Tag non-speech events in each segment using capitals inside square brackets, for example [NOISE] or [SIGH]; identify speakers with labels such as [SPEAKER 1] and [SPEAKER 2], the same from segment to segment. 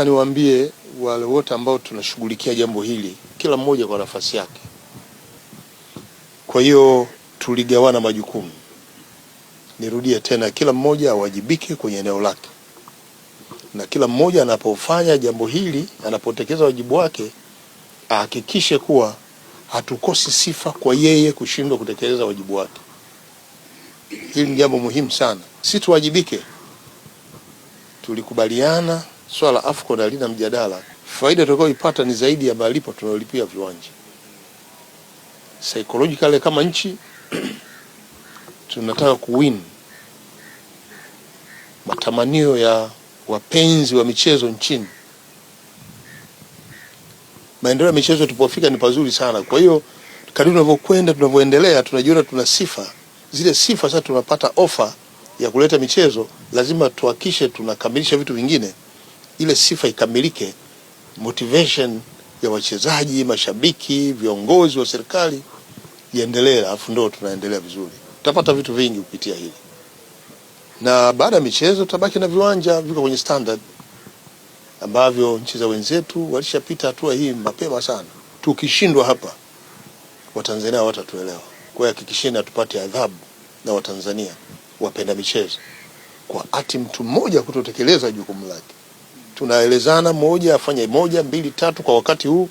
[SPEAKER 1] Nataka niwaambie wale wote ambao tunashughulikia jambo hili, kila mmoja kwa nafasi yake. Kwa hiyo tuligawana majukumu, nirudie tena, kila mmoja awajibike kwenye eneo lake, na kila mmoja anapofanya jambo hili, anapotekeleza wajibu wake, ahakikishe kuwa hatukosi sifa kwa yeye kushindwa kutekeleza wajibu wake. Hili ni jambo muhimu sana, si tuwajibike. Tulikubaliana swala la AFCON halina mjadala. Faida tutakayoipata ni zaidi ya malipo tunayolipia viwanja. Psychologically kama nchi [CLEARS THROAT] tunataka kuwin. Matamanio ya wapenzi wa michezo nchini, maendeleo ya michezo tupofika ni pazuri sana. Kwa hiyo kadri tunavyokwenda, tunavyoendelea, tunajiona tuna sifa zile sifa. Sasa tunapata ofa ya kuleta michezo, lazima tuhakishe tunakamilisha vitu vingine ile sifa ikamilike, motivation ya wachezaji, mashabiki, viongozi wa serikali iendelee, alafu ndo tunaendelea vizuri. Tutapata vitu vingi kupitia hili, na baada ya michezo tutabaki na viwanja viko kwenye standard ambavyo nchi za wenzetu walishapita hatua hii mapema sana. Tukishindwa hapa, Watanzania hawatatuelewa. Kwa hiyo hakikisheni adhabu na Watanzania wapenda michezo kwa ati mtu mmoja kutotekeleza jukumu lake tunaelezana, moja afanye moja mbili tatu kwa wakati huu.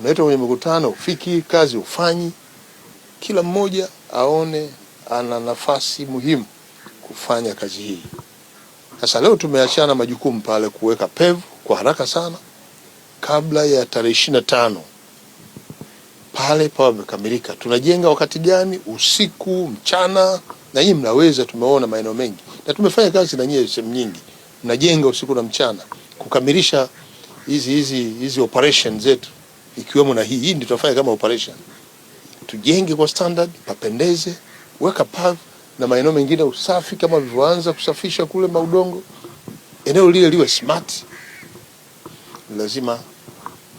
[SPEAKER 1] Unaitwa kwenye mkutano ufiki kazi ufanyi. Kila mmoja aone ana nafasi muhimu kufanya kazi hii. Sasa leo tumeachana majukumu pale kuweka pevu kwa haraka sana, kabla ya tarehe ishirini na tano pale pawa pamekamilika. Tunajenga wakati gani? Usiku, mchana, na nyinyi mnaweza, tumeona maeneo mengi na tumefanya kazi na nyinyi sehemu nyingi tunajenga usiku na mchana kukamilisha hizi hizi hizi operation zetu ikiwemo na hii hii ndio tunafanya kama operation. Tujenge kwa standard, papendeze, weka pav na maeneo mengine usafi, kama vilivyoanza kusafisha kule maudongo, eneo lile liwe smart. Lazima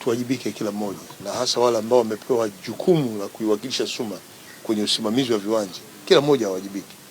[SPEAKER 1] tuwajibike kila mmoja, na hasa wale ambao wamepewa jukumu la kuiwakilisha SUMA kwenye usimamizi wa viwanja, kila mmoja awajibike.